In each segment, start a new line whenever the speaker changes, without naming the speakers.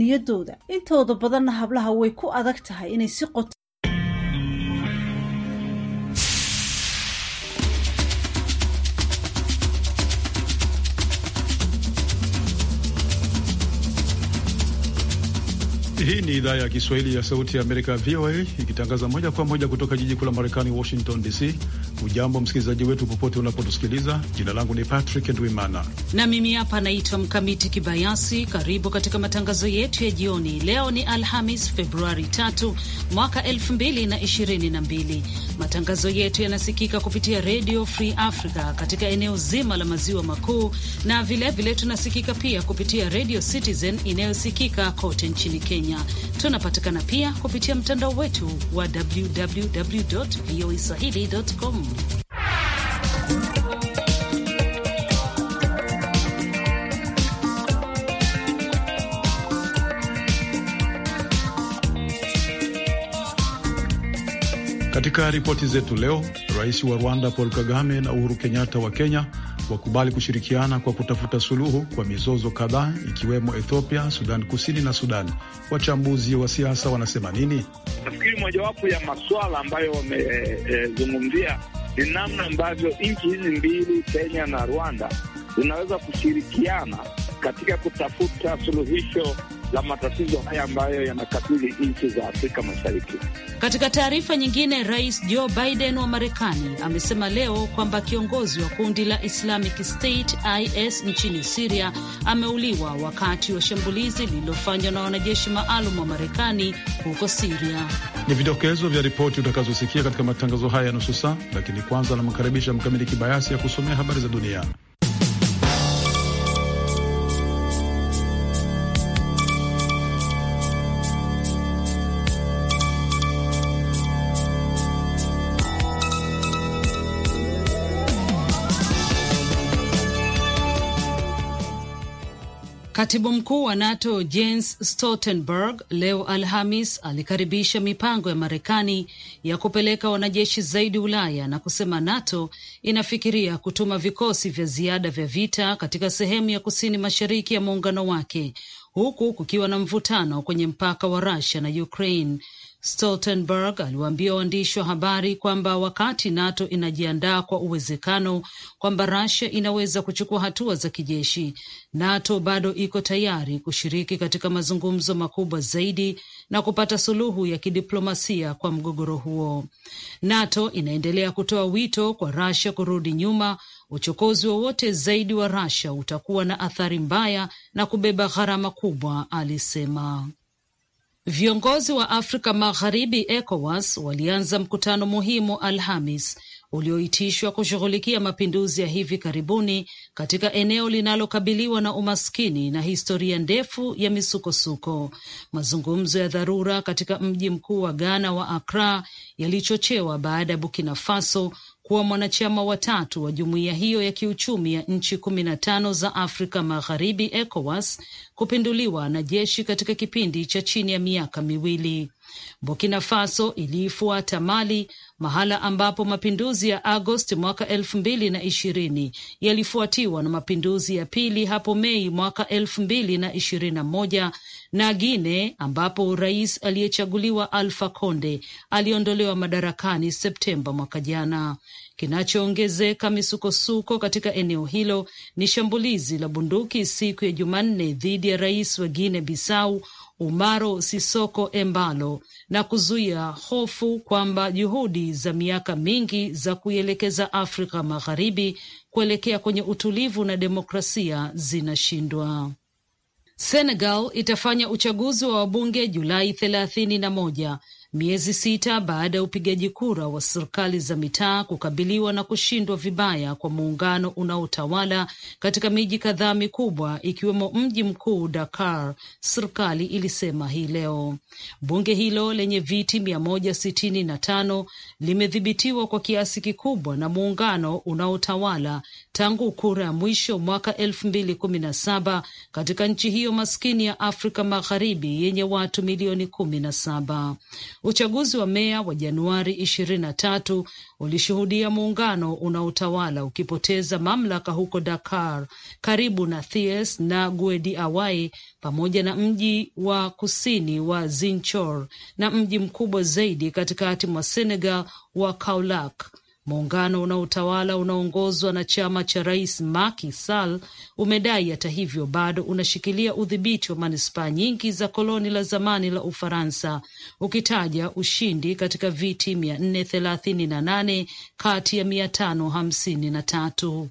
niyadooda intooda badanna hablaha way ku adag tahay inay si qoto
Hii ni idhaa ya Kiswahili ya Sauti ya Amerika, VOA, ikitangaza moja kwa moja kutoka jiji kuu la Marekani, Washington DC. Ujambo msikilizaji wetu popote unapotusikiliza. Jina langu ni Patrick Ndwimana
na mimi hapa naitwa Mkamiti Kibayasi. Karibu katika matangazo yetu ya jioni. Leo ni Alhamis, Februari 3 mwaka 2022. Matangazo yetu yanasikika kupitia Redio Free Africa katika eneo zima la maziwa makuu, na vilevile vile tunasikika pia kupitia Redio Citizen inayosikika kote nchini Kenya. Kenya. Tunapatikana pia kupitia mtandao wetu wa www voa
Katika ripoti zetu leo, rais wa Rwanda Paul Kagame na Uhuru Kenyatta wa Kenya wakubali kushirikiana kwa kutafuta suluhu kwa mizozo kadhaa ikiwemo Ethiopia, Sudan Kusini na Sudan. Wachambuzi wa siasa wanasema nini?
Nafikiri mojawapo ya maswala ambayo wamezungumzia eh, eh, ni namna ambavyo nchi hizi mbili Kenya na Rwanda zinaweza kushirikiana katika kutafuta suluhisho la matatizo haya ambayo yanakabili nchi za Afrika Mashariki.
Katika taarifa nyingine, Rais Joe Biden wa Marekani amesema leo kwamba kiongozi wa kundi la Islamic State IS nchini Siria ameuliwa wakati wa shambulizi lililofanywa na wanajeshi maalum wa Marekani huko Siria.
Ni vidokezo vya ripoti utakazosikia katika matangazo haya ya nusu saa, lakini kwanza anamkaribisha Mkamili Kibayasi ya kusomea habari za dunia.
Katibu mkuu wa NATO Jens Stoltenberg leo Alhamis alikaribisha mipango ya Marekani ya kupeleka wanajeshi zaidi Ulaya na kusema NATO inafikiria kutuma vikosi vya ziada vya vita katika sehemu ya kusini mashariki ya muungano wake huku kukiwa na mvutano kwenye mpaka wa rusia na Ukraine Stoltenberg aliwaambia waandishi wa habari kwamba wakati NATO inajiandaa kwa uwezekano kwamba Russia inaweza kuchukua hatua za kijeshi, NATO bado iko tayari kushiriki katika mazungumzo makubwa zaidi na kupata suluhu ya kidiplomasia kwa mgogoro huo. NATO inaendelea kutoa wito kwa Russia kurudi nyuma. Uchokozi wowote zaidi wa Russia utakuwa na athari mbaya na kubeba gharama kubwa, alisema. Viongozi wa Afrika Magharibi, ECOWAS, walianza mkutano muhimu Alhamis ulioitishwa kushughulikia mapinduzi ya hivi karibuni katika eneo linalokabiliwa na umaskini na historia ndefu ya misukosuko. Mazungumzo ya dharura katika mji mkuu wa Ghana wa Akra yalichochewa baada ya Burkina Faso kuwa mwanachama wa tatu wa jumuiya hiyo ya kiuchumi ya nchi kumi na tano za Afrika Magharibi, ECOWAS, kupinduliwa na jeshi katika kipindi cha chini ya miaka miwili. Burkina Faso iliifuata Mali mahala ambapo mapinduzi ya Agosti mwaka elfu mbili na ishirini yalifuatiwa na mapinduzi ya pili hapo Mei mwaka elfu mbili na ishirini na moja na Guine ambapo rais aliyechaguliwa Alfa Conde aliondolewa madarakani Septemba mwaka jana. Kinachoongezeka misukosuko katika eneo hilo ni shambulizi la bunduki siku ya Jumanne dhidi ya rais wa Guine Bissau Umaro Sisoko Embalo na kuzuia hofu kwamba juhudi za miaka mingi za kuielekeza Afrika Magharibi kuelekea kwenye utulivu na demokrasia zinashindwa. Senegal itafanya uchaguzi wa wabunge Julai thelathini na moja miezi sita baada ya upigaji kura wa serikali za mitaa kukabiliwa na kushindwa vibaya kwa muungano unaotawala katika miji kadhaa mikubwa ikiwemo mji mkuu Dakar, serikali ilisema hii leo. Bunge hilo lenye viti mia moja sitini na tano limedhibitiwa kwa kiasi kikubwa na muungano unaotawala tangu kura ya mwisho mwaka elfu mbili kumi na saba katika nchi hiyo maskini ya Afrika Magharibi yenye watu milioni kumi na saba. Uchaguzi wa meya wa Januari ishirini na tatu ulishuhudia muungano unaotawala ukipoteza mamlaka huko Dakar karibu na Thies na guedi awai pamoja na mji wa kusini wa Zinchor na mji mkubwa zaidi katikati mwa Senegal wa Kaolack. Muungano unaotawala unaongozwa na chama cha rais Macky Sall umedai hata hivyo bado unashikilia udhibiti wa manispaa nyingi za koloni la zamani la Ufaransa, ukitaja ushindi katika viti mia nne thelathini na nane kati ya mia tano hamsini na tatu.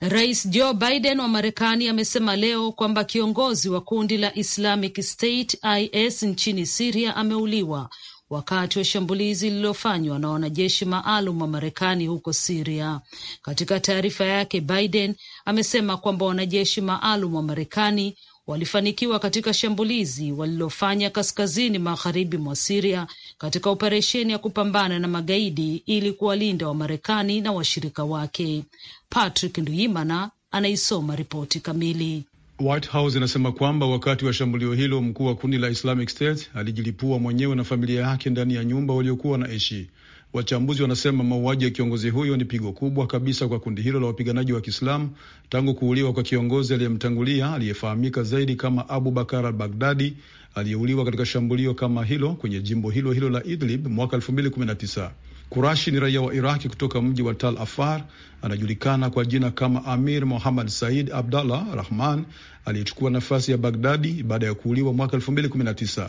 Rais Joe Biden wa Marekani amesema leo kwamba kiongozi wa kundi la Islamic State IS nchini Siria ameuliwa wakati wa shambulizi lililofanywa na wanajeshi maalum wa Marekani huko Siria. Katika taarifa yake, Biden amesema kwamba wanajeshi maalum wa Marekani walifanikiwa katika shambulizi walilofanya kaskazini magharibi mwa Siria katika operesheni ya kupambana na magaidi ili kuwalinda Wamarekani na washirika wake. Patrick nduimana anaisoma ripoti kamili.
White House inasema kwamba wakati wa shambulio hilo mkuu wa kundi la Islamic State alijilipua mwenyewe na familia yake ndani ya nyumba waliokuwa wanaishi. Wachambuzi wanasema mauaji ya kiongozi huyo ni pigo kubwa kabisa kwa kundi hilo la wapiganaji wa Kiislamu tangu kuuliwa kwa kiongozi aliyemtangulia aliyefahamika zaidi kama Abu Bakar al-Baghdadi aliyeuliwa katika shambulio kama hilo kwenye jimbo hilo hilo la Idlib mwaka 2019. Kurashi ni raia wa Iraki kutoka mji wa Tal Afar. Anajulikana kwa jina kama Amir Mohammad Said Abdallah Rahman aliyechukua nafasi ya Bagdadi baada ya kuuliwa mwaka 2019.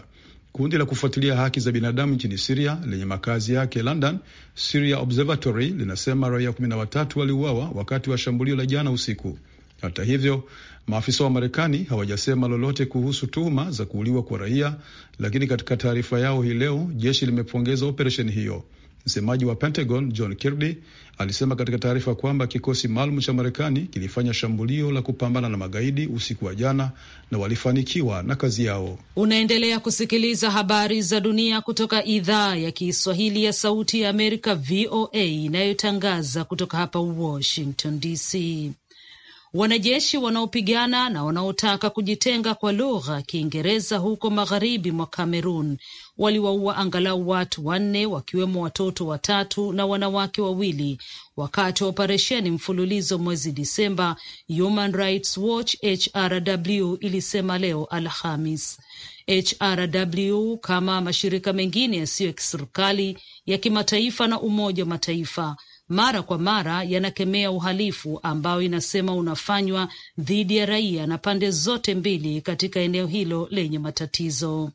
Kundi la kufuatilia haki za binadamu nchini Siria lenye makazi yake London, Syria Observatory, linasema raia 13 waliuawa wakati wa shambulio la jana usiku. Hata hivyo, maafisa wa Marekani hawajasema lolote kuhusu tuhuma za kuuliwa kwa raia, lakini katika taarifa yao hii leo jeshi limepongeza operesheni hiyo. Msemaji wa Pentagon John Kirby alisema katika taarifa kwamba kikosi maalum cha Marekani kilifanya shambulio la kupambana na magaidi usiku wa jana na walifanikiwa na kazi yao.
Unaendelea kusikiliza habari za dunia kutoka idhaa ya Kiswahili ya Sauti ya Amerika, VOA, inayotangaza kutoka hapa Washington DC. Wanajeshi wanaopigana na wanaotaka kujitenga kwa lugha ya Kiingereza huko magharibi mwa Kamerun waliwaua angalau watu wanne wakiwemo watoto watatu na wanawake wawili wakati wa operesheni mfululizo mwezi Disemba, Human Rights Watch HRW ilisema leo Alhamis. HRW kama mashirika mengine yasiyo ya kiserikali ya kimataifa na Umoja wa Mataifa mara kwa mara yanakemea uhalifu ambayo inasema unafanywa dhidi ya raia na pande zote mbili katika eneo hilo lenye matatizo.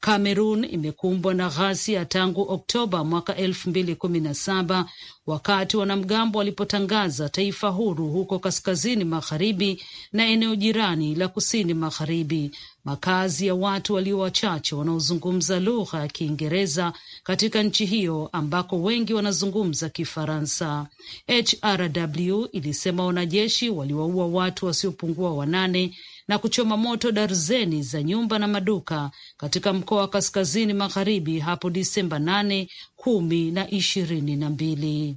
Kamerun imekumbwa na ghasia tangu Oktoba mwaka elfu mbili kumi na saba wakati wanamgambo walipotangaza taifa huru huko kaskazini magharibi na eneo jirani la kusini magharibi makazi ya watu walio wachache wanaozungumza lugha ya Kiingereza katika nchi hiyo ambako wengi wanazungumza Kifaransa. HRW ilisema wanajeshi waliwaua watu wasiopungua wanane na kuchoma moto darzeni za nyumba na maduka katika mkoa wa kaskazini magharibi hapo Disemba nane, kumi na ishirini na mbili.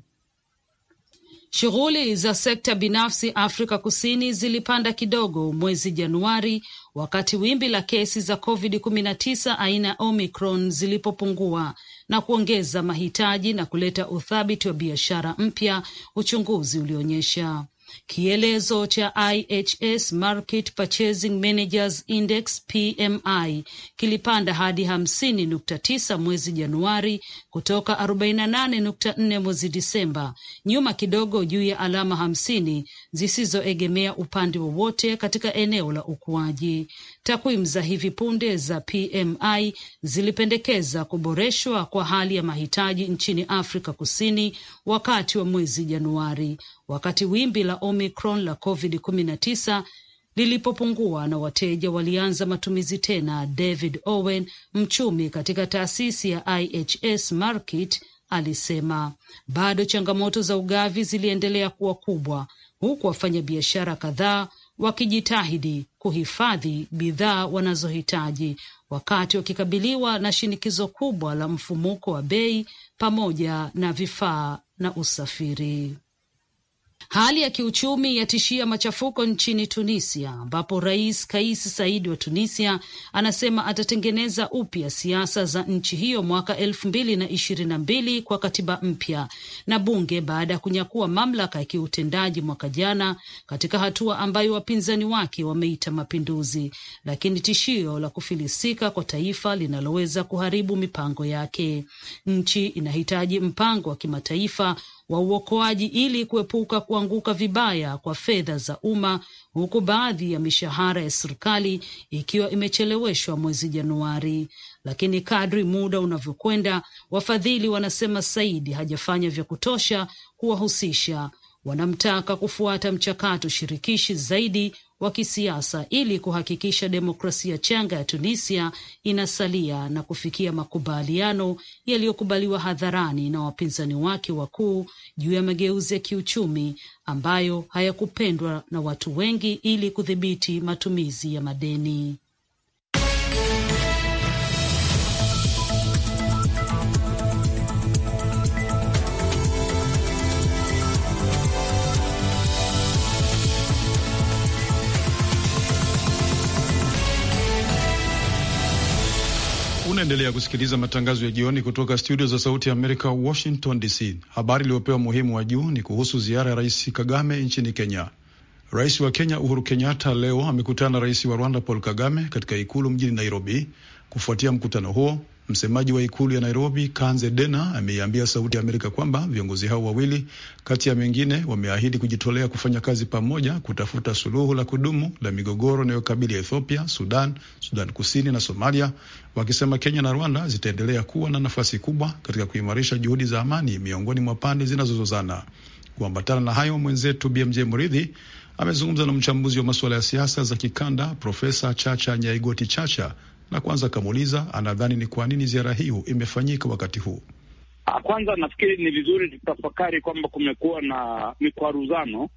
Shughuli za sekta binafsi Afrika Kusini zilipanda kidogo mwezi Januari wakati wimbi la kesi za COVID-19 aina ya Omicron zilipopungua na kuongeza mahitaji na kuleta uthabiti wa biashara mpya, uchunguzi ulionyesha. Kielezo cha IHS Market Purchasing Managers Index PMI kilipanda hadi hamsini nukta tisa mwezi Januari kutoka 48.4 na nane nukta nne mwezi Disemba, nyuma kidogo juu ya alama hamsini zisizoegemea upande wowote katika eneo la ukuaji. Takwimu za hivi punde za PMI zilipendekeza kuboreshwa kwa hali ya mahitaji nchini Afrika Kusini wakati wa mwezi Januari, wakati wimbi la Omicron la COVID-19 lilipopungua na wateja walianza matumizi tena. David Owen, mchumi katika taasisi ya IHS Market, alisema bado changamoto za ugavi ziliendelea kuwa kubwa, huku wafanyabiashara kadhaa wakijitahidi kuhifadhi bidhaa wanazohitaji wakati wakikabiliwa na shinikizo kubwa la mfumuko wa bei pamoja na vifaa na usafiri. Hali ya kiuchumi yatishia machafuko nchini Tunisia, ambapo Rais Kais Saidi wa Tunisia anasema atatengeneza upya siasa za nchi hiyo mwaka elfu mbili na ishirini na mbili kwa katiba mpya na bunge baada ya kunyakua mamlaka ya kiutendaji mwaka jana, katika hatua ambayo wapinzani wake wameita mapinduzi, lakini tishio la kufilisika kwa taifa linaloweza kuharibu mipango yake. Nchi inahitaji mpango wa kimataifa wa uokoaji ili kuepuka kuanguka vibaya kwa fedha za umma, huku baadhi ya mishahara ya serikali ikiwa imecheleweshwa mwezi Januari. Lakini kadri muda unavyokwenda, wafadhili wanasema Saidi hajafanya vya kutosha kuwahusisha. Wanamtaka kufuata mchakato shirikishi zaidi wa kisiasa ili kuhakikisha demokrasia changa ya Tunisia inasalia na kufikia makubaliano yaliyokubaliwa hadharani na wapinzani wake wakuu juu ya mageuzi ya kiuchumi ambayo hayakupendwa na watu wengi ili kudhibiti matumizi ya madeni.
Unaendelea kusikiliza matangazo ya jioni kutoka studio za Sauti ya Amerika, Washington DC. Habari iliyopewa muhimu wa juu ni kuhusu ziara ya Rais Kagame nchini Kenya. Rais wa Kenya Uhuru Kenyatta leo amekutana na rais wa Rwanda Paul Kagame katika ikulu mjini Nairobi. Kufuatia mkutano huo, Msemaji wa ikulu ya Nairobi, Kanze Dena, ameiambia Sauti ya Amerika kwamba viongozi hao wawili kati ya mengine wameahidi kujitolea kufanya kazi pamoja kutafuta suluhu la kudumu la migogoro inayokabili Ethiopia, Sudan, Sudan Kusini na Somalia, wakisema Kenya na Rwanda zitaendelea kuwa na nafasi kubwa katika kuimarisha juhudi za amani miongoni mwa pande zinazozozana. Kuambatana na hayo, mwenzetu BMJ Muridhi amezungumza na mchambuzi wa masuala ya siasa za kikanda Profesa Chacha Nyaigoti Chacha na kwanza akamuuliza anadhani ni kwa nini ziara hiyo imefanyika wakati huu.
Ah, kwanza nafikiri ni vizuri tutafakari kwamba kumekuwa na mikwaruzano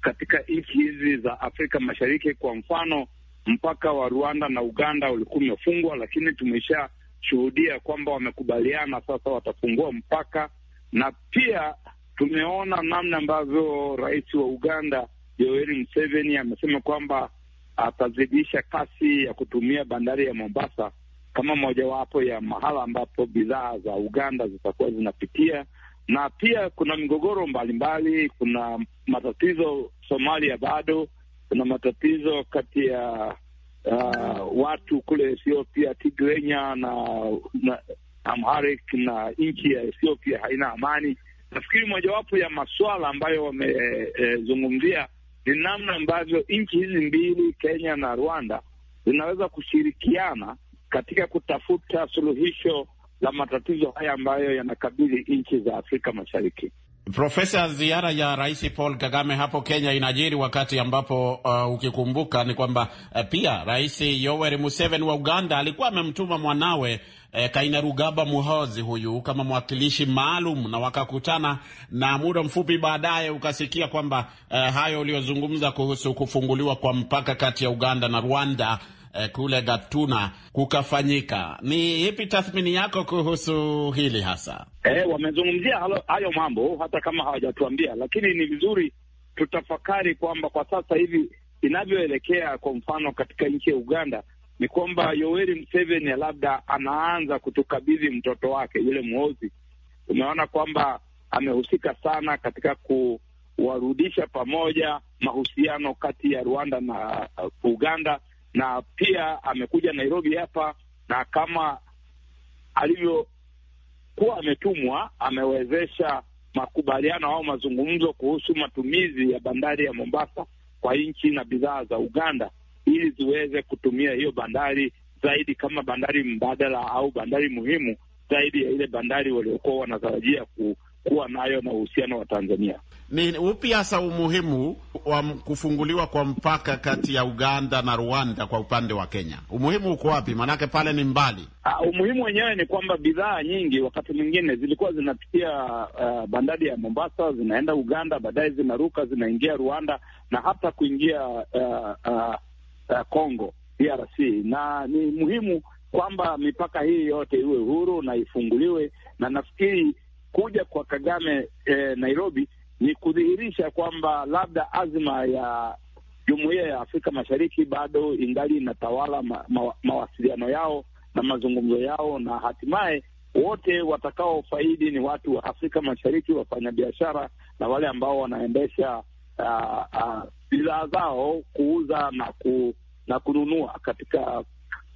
katika nchi hizi za Afrika Mashariki. Kwa mfano, mpaka wa Rwanda na Uganda ulikuwa umefungwa, lakini tumeshashuhudia kwamba wamekubaliana sasa watafungua mpaka, na pia tumeona namna ambavyo rais wa Uganda Yoweri Museveni amesema kwamba atazidisha kasi ya kutumia bandari ya Mombasa kama mojawapo ya mahala ambapo bidhaa za Uganda zitakuwa zinapitia, na pia kuna migogoro mbalimbali, kuna matatizo Somalia bado kuna matatizo kati ya uh, watu kule Ethiopia, Tigrenya na, na Amharic na nchi ya Ethiopia haina amani. Nafikiri mojawapo ya masuala ambayo wamezungumzia eh, eh ni namna ambavyo nchi hizi mbili, Kenya na Rwanda, zinaweza kushirikiana katika kutafuta suluhisho la matatizo haya ambayo yanakabili nchi za Afrika Mashariki.
Profesa, ziara ya Rais Paul Kagame hapo Kenya inajiri wakati ambapo uh, ukikumbuka ni kwamba uh, pia Rais Yoweri Museveni wa Uganda alikuwa amemtuma mwanawe uh, Kainerugaba Muhozi huyu kama mwakilishi maalum, na wakakutana, na muda mfupi baadaye ukasikia kwamba uh, hayo uliyozungumza kuhusu kufunguliwa kwa mpaka kati ya Uganda na Rwanda eh, kule Gatuna kukafanyika. Ni ipi tathmini yako kuhusu hili hasa?
Eh, wamezungumzia hayo mambo hata kama hawajatuambia, lakini ni vizuri tutafakari kwamba kwa sasa hivi inavyoelekea, kwa mfano katika nchi ya Uganda ni kwamba Yoweri Museveni labda anaanza kutukabidhi mtoto wake yule mwozi. Umeona kwamba amehusika sana katika kuwarudisha pamoja mahusiano kati ya Rwanda na Uganda, na pia amekuja Nairobi hapa, na kama alivyokuwa ametumwa, amewezesha makubaliano au mazungumzo kuhusu matumizi ya bandari ya Mombasa kwa nchi na bidhaa za Uganda ili ziweze kutumia hiyo bandari zaidi kama bandari mbadala au bandari muhimu zaidi ya ile bandari waliokuwa wanatarajia kuwa nayo na uhusiano wa Tanzania.
Ni upi hasa umuhimu wa kufunguliwa kwa mpaka kati ya Uganda na Rwanda kwa upande wa Kenya? Umuhimu uko wapi? Maanake pale ni mbali.
Uh, umuhimu wenyewe ni kwamba bidhaa nyingi wakati mwingine zilikuwa zinapitia uh, bandari ya Mombasa, zinaenda Uganda, baadaye zinaruka zinaingia Rwanda na hata kuingia uh, uh, uh, Congo DRC, na ni muhimu kwamba mipaka hii yote iwe huru na ifunguliwe, na nafikiri kuja kwa Kagame eh, Nairobi ni kudhihirisha kwamba labda azma ya jumuiya ya Afrika Mashariki bado ingali inatawala ma, ma, mawasiliano yao na mazungumzo yao, na hatimaye wote watakaofaidi ni watu wa Afrika Mashariki, wafanyabiashara na wale ambao wanaendesha ah, ah, bidhaa zao kuuza na, ku, na kununua katika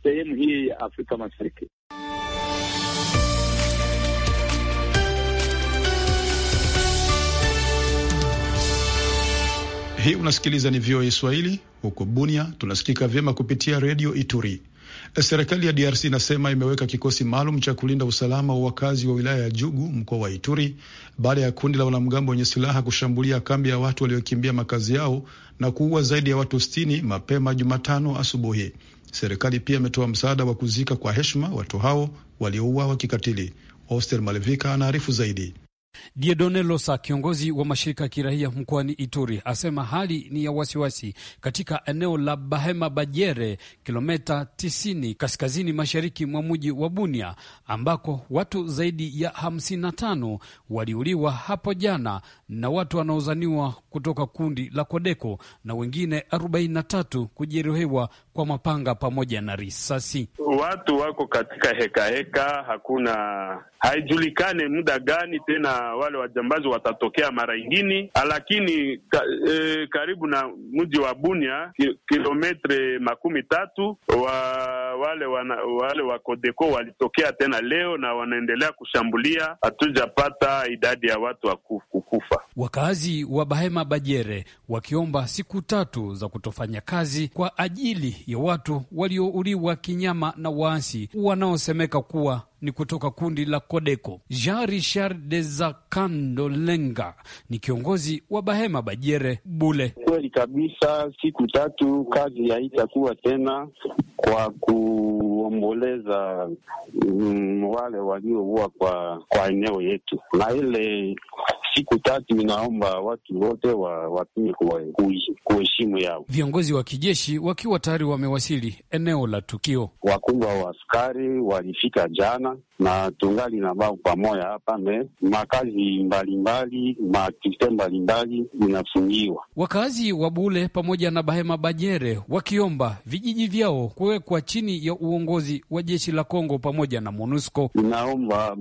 sehemu hii ya Afrika Mashariki.
Hii unasikiliza ni VOA Swahili. Huko Bunia tunasikika vyema kupitia redio Ituri. Eh, serikali ya DRC inasema imeweka kikosi maalum cha kulinda usalama wa wakazi wa wilaya ya Jugu, mkoa wa Ituri, baada ya kundi la wanamgambo wenye silaha kushambulia kambi ya watu waliokimbia makazi yao na kuua zaidi ya watu s mapema Jumatano asubuhi. Serikali pia imetoa msaada wa
kuzika kwa heshima watu hao waliouawa kikatili. Oster Malevika anaarifu zaidi. Diedone Losa, kiongozi wa mashirika ya kiraia mkoani Ituri, asema hali ni ya wasiwasi katika eneo la Bahema Bajere, kilometa 90 kaskazini mashariki mwa mji wa Bunia, ambako watu zaidi ya 55 waliuliwa hapo jana na watu wanaozaniwa kutoka kundi la Kodeko na wengine 43 kujeruhiwa kwa mapanga pamoja na risasi.
Watu wako katika hekaheka heka, hakuna haijulikane muda gani tena wale wajambazi watatokea mara ingini lakini ka, e, karibu na mji wa Bunia kilometre makumi tatu wa, wale wana, wale wa Kodeko walitokea tena leo na wanaendelea kushambulia, hatujapata idadi ya watu wa kufa.
Wakazi wa Bahema Bajere wakiomba siku tatu za kutofanya kazi kwa ajili ya watu waliouliwa kinyama na waasi wanaosemeka kuwa ni kutoka kundi la Kodeko. Jean Richard Dezakando Lenga ni kiongozi wa Bahema Bajere Bule. Kweli
kabisa, siku tatu kazi haitakuwa tena kwa kuomboleza mm, wale waliouwa kwa, kwa eneo yetu, na ile siku tatu inaomba watu wote watumie wa, kwa heshima yao.
Viongozi wa kijeshi wakiwa tayari wamewasili eneo la tukio, wakubwa
wa askari walifika jana sana na tungali na bao pamoya hapa me makazi mbalimbali maaktivite mbalimbali inafungiwa.
Wakazi wa Bule pamoja na Bahema Bajere wakiomba vijiji vyao kuwekwa chini ya uongozi wa jeshi la Kongo pamoja na MONUSCO.
Inaomba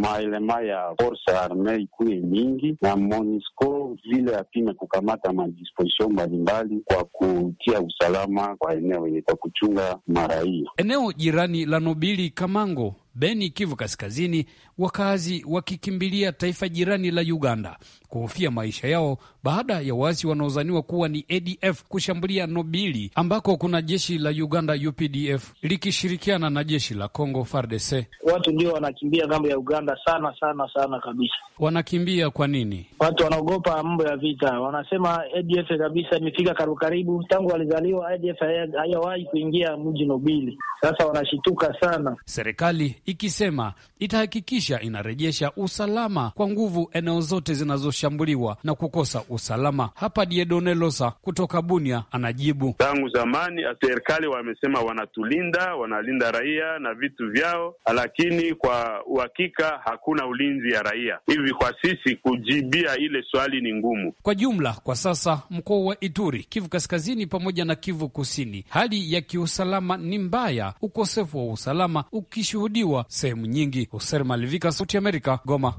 maelema ya force arme ikuye nyingi na MONUSCO vile apime kukamata madisposition mbalimbali kwa kutia usalama kwa eneo yenye kwa kuchunga maraia.
Eneo jirani la Nobili Kamango Beni, Kivu Kaskazini, wakazi wakikimbilia taifa jirani la Uganda kuhofia maisha yao baada ya waasi wanaozaniwa kuwa ni ADF kushambulia Nobili ambako kuna jeshi la Uganda UPDF likishirikiana na jeshi la Congo FARDC.
Watu ndio wanakimbia ngambo ya Uganda sana sana sana kabisa.
Wanakimbia kwa nini?
Watu wanaogopa mambo ya vita, wanasema ADF kabisa imefika karibu karibu, tangu walizaliwa ADF hayawahi kuingia mji Nobili. Sasa wanashituka
sana, serikali ikisema itahakikisha inarejesha usalama kwa nguvu eneo zote zinazo kushambuliwa na kukosa usalama. Hapa Diedone Losa kutoka Bunia anajibu.
Tangu zamani serikali wamesema wanatulinda, wanalinda raia na vitu vyao, lakini kwa uhakika hakuna ulinzi ya raia. Hivi kwa sisi kujibia ile swali ni ngumu.
Kwa jumla, kwa sasa mkoa wa Ituri, Kivu Kaskazini pamoja na Kivu Kusini, hali ya kiusalama ni mbaya, ukosefu wa usalama ukishuhudiwa sehemu nyingi. Hoser Malivika, Sauti Amerika, Goma.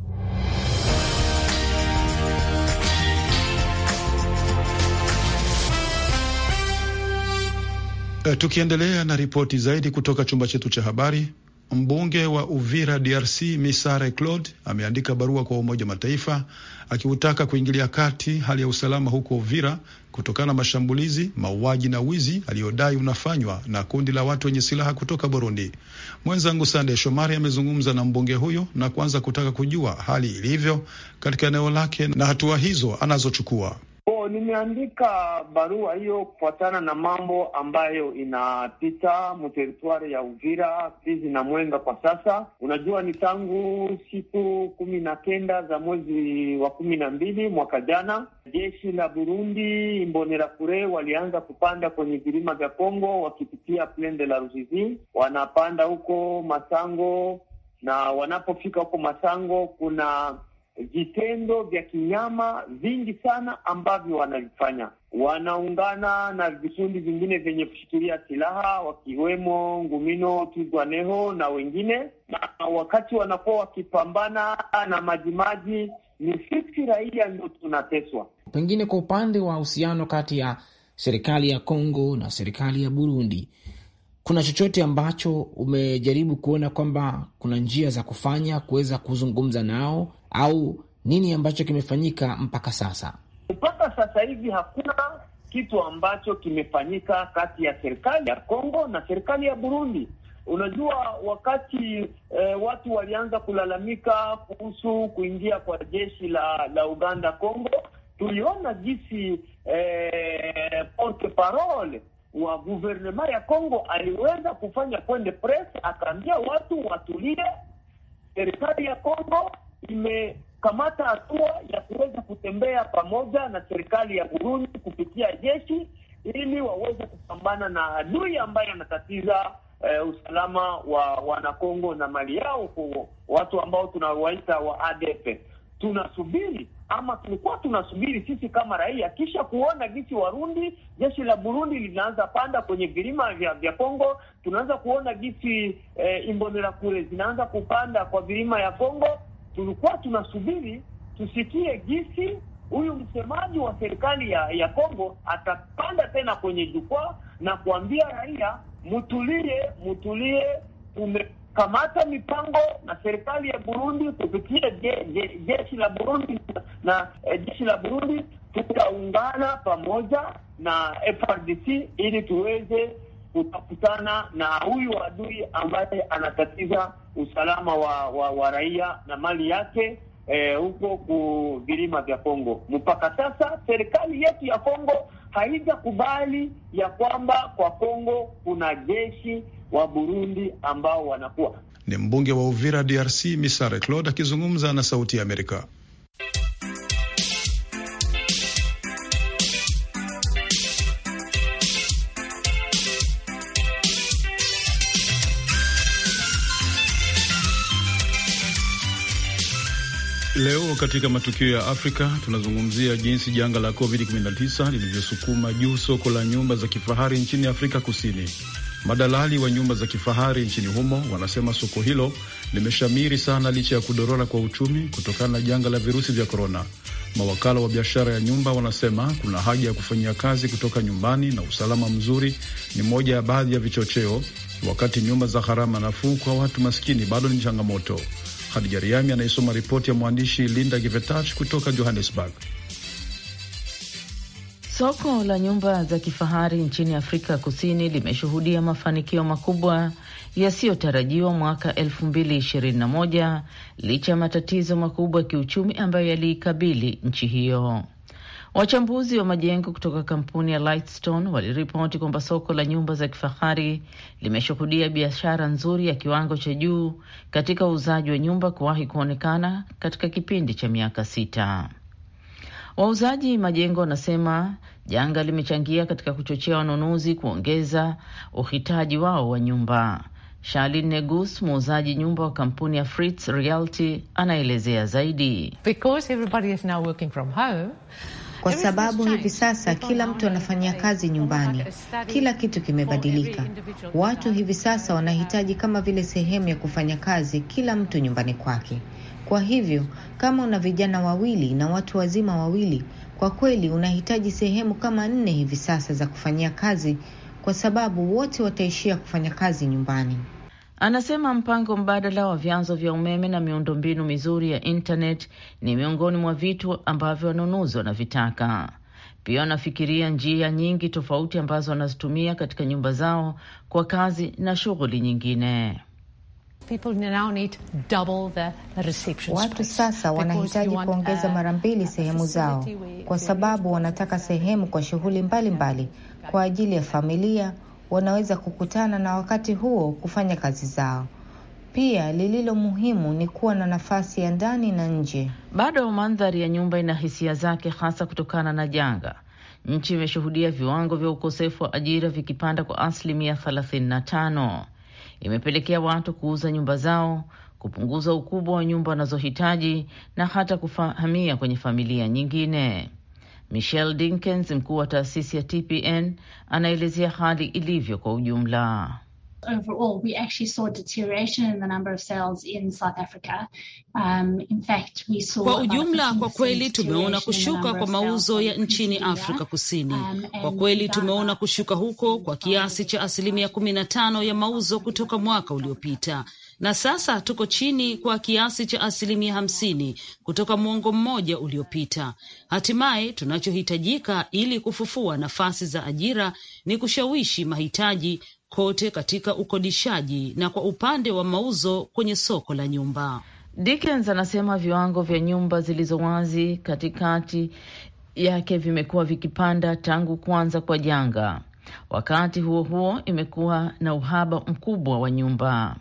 E, tukiendelea na ripoti zaidi kutoka chumba chetu cha habari, mbunge wa Uvira DRC Misare Claude ameandika barua kwa Umoja Mataifa akiutaka kuingilia kati hali ya usalama huko Uvira kutokana na mashambulizi, mauaji na wizi aliyodai unafanywa na kundi la watu wenye silaha kutoka Burundi. Mwenzangu Sande Shomari amezungumza na mbunge huyo na kuanza kutaka kujua hali ilivyo katika eneo lake na hatua hizo anazochukua
nimeandika barua hiyo kufuatana na mambo ambayo inapita mteritwari ya Uvira, Fizi na Mwenga kwa sasa. Unajua, ni tangu siku kumi na kenda za mwezi wa kumi na mbili mwaka jana, jeshi la Burundi Imbonerakure walianza kupanda kwenye vilima vya Kongo wakipitia plende la Ruzizi, wanapanda huko Masango na wanapofika huko Masango kuna Eh, vitendo vya kinyama vingi sana ambavyo wanavifanya. Wanaungana na vikundi vingine vyenye kushikilia silaha wakiwemo Ngumino Twigwaneho na wengine, na wakati wanakuwa wakipambana na Majimaji, ni sisi raia ndio
tunateswa. Pengine kwa upande wa uhusiano kati ya serikali ya Kongo na serikali ya Burundi, kuna chochote ambacho umejaribu kuona kwamba kuna njia za kufanya kuweza kuzungumza nao au nini ambacho kimefanyika mpaka sasa?
Mpaka sasa hivi hakuna kitu ambacho kimefanyika kati ya serikali ya Kongo na serikali ya Burundi. Unajua, wakati eh, watu walianza kulalamika kuhusu kuingia kwa jeshi la, la Uganda Kongo, tuliona jinsi eh, porte parole wa guvernema ya Kongo aliweza kufanya kwende press, akaambia watu watulie, serikali ya Kongo imekamata hatua ya kuweza kutembea pamoja na serikali ya Burundi kupitia jeshi ili waweze kupambana na adui ambayo anatatiza eh, usalama wa wanakongo na mali yao, kwa watu ambao tunawaita wa ADF. Tunasubiri ama tulikuwa tunasubiri sisi kama raia, kisha kuona gisi Warundi jeshi la Burundi linaanza panda kwenye vilima vya Kongo, tunaanza kuona gisi eh, Imbonerakure zinaanza kupanda kwa vilima ya Kongo tulikuwa tunasubiri tusikie jinsi huyu msemaji wa serikali ya ya Kongo atapanda tena kwenye jukwaa na kuambia raia mutulie, mutulie, tumekamata mipango na serikali ya Burundi kupitia je, je, jeshi la Burundi na e, jeshi la Burundi tutaungana pamoja na FRDC ili tuweze utakutana na huyu adui ambaye anatatiza usalama wa, wa, wa raia na mali yake e, huko eh, vilima vya Kongo. Mpaka sasa serikali yetu ya Kongo haijakubali ya kwamba kwa Kongo kuna jeshi wa Burundi ambao wanakuwa.
Ni mbunge wa Uvira DRC Misare Claude akizungumza na Sauti ya Amerika. Leo katika matukio ya Afrika tunazungumzia jinsi janga la COVID-19 lilivyosukuma juu soko la nyumba za kifahari nchini Afrika Kusini. Madalali wa nyumba za kifahari nchini humo wanasema soko hilo limeshamiri sana licha ya kudorora kwa uchumi kutokana na janga la virusi vya korona. Mawakala wa biashara ya nyumba wanasema kuna haja ya kufanyia kazi kutoka nyumbani na usalama mzuri ni moja ya baadhi ya vichocheo, wakati nyumba za gharama nafuu kwa watu maskini bado ni changamoto. Hadija Riami anayesoma ripoti ya mwandishi Linda Givetach kutoka Johannesburg.
Soko la nyumba za kifahari nchini Afrika Kusini limeshuhudia mafanikio makubwa yasiyotarajiwa mwaka 2021 licha ya matatizo makubwa ya kiuchumi ambayo yaliikabili nchi hiyo. Wachambuzi wa majengo kutoka kampuni ya Lightstone waliripoti kwamba soko la nyumba za kifahari limeshuhudia biashara nzuri ya kiwango cha juu katika uuzaji wa nyumba kuwahi kuonekana katika kipindi cha miaka sita. Wauzaji majengo wanasema janga limechangia katika kuchochea wanunuzi kuongeza uhitaji wao wa nyumba. Shalin Negus, muuzaji nyumba wa kampuni ya Fritz Realty, anaelezea zaidi. Because everybody is now working from home kwa sababu hivi sasa kila mtu anafanyia kazi oh, nyumbani, kila kitu kimebadilika. Watu hivi sasa wanahitaji uh, kama vile sehemu ya kufanya kazi, kila mtu nyumbani kwake. Kwa hivyo kama una vijana wawili na watu wazima wawili, kwa kweli unahitaji sehemu kama nne hivi sasa za kufanyia kazi, kwa sababu wote wataishia kufanya kazi nyumbani anasema mpango mbadala wa vyanzo vya umeme na miundombinu mizuri ya intanet ni miongoni mwa vitu ambavyo wanunuzi wanavitaka. Pia wanafikiria njia nyingi tofauti ambazo wanazitumia katika nyumba zao kwa kazi na shughuli nyingine. Watu sasa wanahitaji kuongeza uh, mara mbili sehemu zao, kwa sababu wanataka sehemu kwa shughuli mbalimbali, kwa ajili ya familia wanaweza kukutana na wakati huo kufanya kazi zao. Pia lililo muhimu ni kuwa na nafasi ya ndani na nje. Bado mandhari ya nyumba ina hisia zake, hasa kutokana na janga. Nchi imeshuhudia viwango vya ukosefu wa ajira vikipanda kwa asilimia 35. Imepelekea watu kuuza nyumba zao, kupunguza ukubwa wa nyumba wanazohitaji na hata kufahamia kwenye familia nyingine. Michel Dinkins, mkuu wa taasisi ya TPN, anaelezea hali ilivyo kwa ujumla
overall, we actually saw deterioration in the number of sales in South Africa. Um, in fact, we saw kwa ujumla, kwa kweli tumeona kushuka kwa mauzo ya nchini Afrika Kusini. Um, kwa kweli tumeona kushuka huko kwa kiasi cha asilimia kumi na tano ya mauzo kutoka mwaka uliopita na sasa tuko chini kwa kiasi cha asilimia hamsini kutoka mwongo mmoja uliopita. Hatimaye, tunachohitajika ili kufufua nafasi za ajira ni kushawishi mahitaji kote katika ukodishaji na kwa upande wa mauzo kwenye soko la nyumba.
Dickens anasema viwango vya nyumba zilizo wazi katikati yake vimekuwa vikipanda tangu kuanza kwa janga. Wakati huo huo, imekuwa na uhaba mkubwa wa nyumba.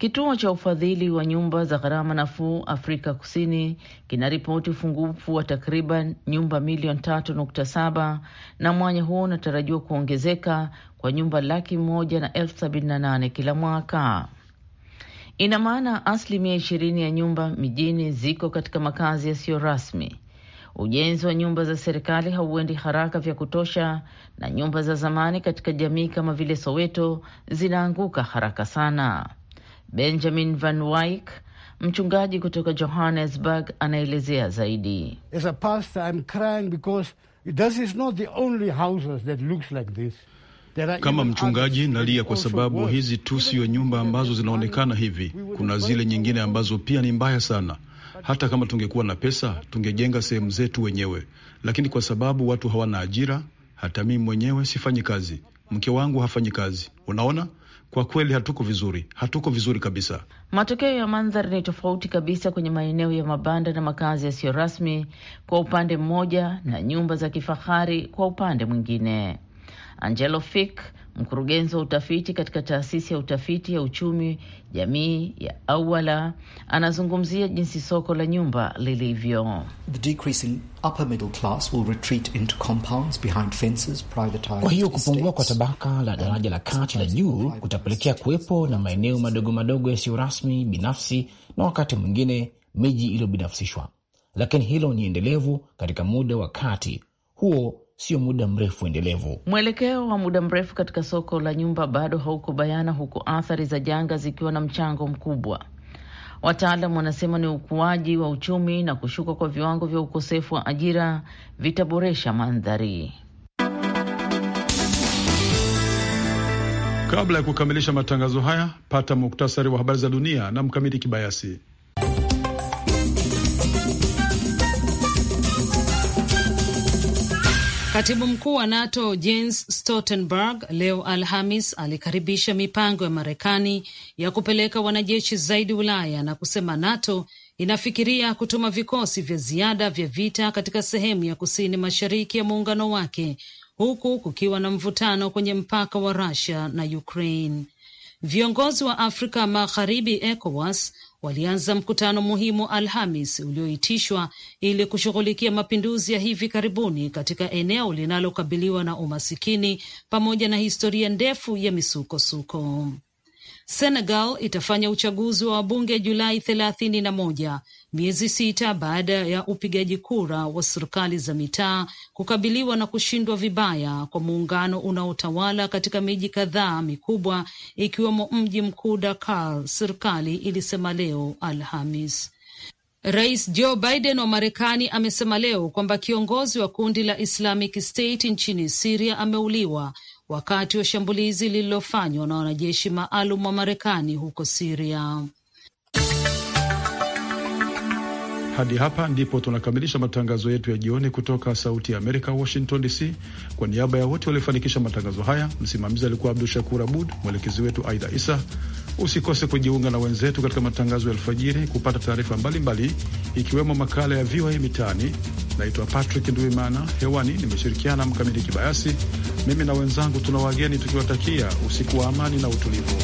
Kituo cha ufadhili wa nyumba za gharama nafuu Afrika Kusini kinaripoti ufungufu wa takriban nyumba milioni tatu nukta saba na mwanya huo unatarajiwa kuongezeka kwa nyumba laki moja na elfu sabini na nane kila mwaka. Ina maana asilimia ishirini ya nyumba mijini ziko katika makazi yasiyo rasmi. Ujenzi wa nyumba za serikali hauendi haraka vya kutosha, na nyumba za zamani katika jamii kama vile Soweto zinaanguka haraka sana. Benjamin Van Wyk mchungaji kutoka Johannesburg anaelezea zaidi. As a pastor,
I'm crying because this is not the
only houses
that looks like this. Kama mchungaji nalia kwa sababu
hizi tu sio nyumba ambazo zinaonekana hivi. Kuna zile nyingine ambazo pia ni mbaya sana. Hata kama tungekuwa na pesa, tungejenga sehemu zetu wenyewe, lakini kwa sababu watu hawana ajira, hata mimi mwenyewe sifanyi kazi, mke wangu hafanyi kazi. Unaona, kwa kweli hatuko vizuri, hatuko vizuri kabisa.
Matokeo ya mandhari ni tofauti kabisa kwenye maeneo ya mabanda na makazi yasiyo rasmi kwa upande mmoja, na nyumba za kifahari kwa upande mwingine. Angelo Fick, Mkurugenzi wa utafiti katika taasisi ya utafiti ya uchumi jamii ya Awala anazungumzia jinsi soko la nyumba lilivyo.
Kwa hiyo kupungua kwa tabaka la daraja la kati la juu kutapelekea kuwepo na maeneo madogo madogo yasiyo rasmi, binafsi na wakati mwingine miji iliyobinafsishwa, lakini hilo ni endelevu katika muda wa kati huo sio muda mrefu endelevu.
Mwelekeo wa muda mrefu katika soko la nyumba bado hauko bayana, huku athari za janga zikiwa na mchango mkubwa. Wataalam wanasema ni ukuaji wa uchumi na kushuka kwa viwango vya ukosefu wa ajira vitaboresha mandhari.
Kabla ya kukamilisha matangazo haya, pata muktasari wa habari za dunia na Mkamiti Kibayasi.
Katibu mkuu wa NATO Jens Stoltenberg leo Alhamis alikaribisha mipango ya Marekani ya kupeleka wanajeshi zaidi Ulaya na kusema NATO inafikiria kutuma vikosi vya ziada vya vita katika sehemu ya kusini mashariki ya muungano wake huku kukiwa na mvutano kwenye mpaka wa Russia na Ukraine. Viongozi wa Afrika Magharibi ECOWAS walianza mkutano muhimu Alhamis ulioitishwa ili kushughulikia mapinduzi ya hivi karibuni katika eneo linalokabiliwa na umasikini pamoja na historia ndefu ya misukosuko. Senegal itafanya uchaguzi wa wabunge Julai thelathini na moja, miezi sita baada ya upigaji kura wa serikali za mitaa kukabiliwa na kushindwa vibaya kwa muungano unaotawala katika miji kadhaa mikubwa ikiwemo mji mkuu Dakar, serikali ilisema leo Alhamis. Rais Joe Biden wa Marekani amesema leo kwamba kiongozi wa kundi la Islamic State nchini Siria ameuliwa wakati wa shambulizi lililofanywa na wanajeshi maalum wa Marekani huko Siria.
Hadi hapa ndipo tunakamilisha matangazo yetu ya jioni kutoka Sauti ya Amerika, Washington DC. Kwa niaba ya wote waliofanikisha matangazo haya, msimamizi alikuwa Abdu Shakur Abud, mwelekezi wetu Aida Isa. Usikose kujiunga na wenzetu katika matangazo ya alfajiri kupata taarifa mbalimbali, ikiwemo makala ya VOA Mitaani. Naitwa Patrick Nduimana, hewani nimeshirikiana Mkamiti Kibayasi. Mimi na wenzangu tuna wageni tukiwatakia usiku wa amani na utulivu.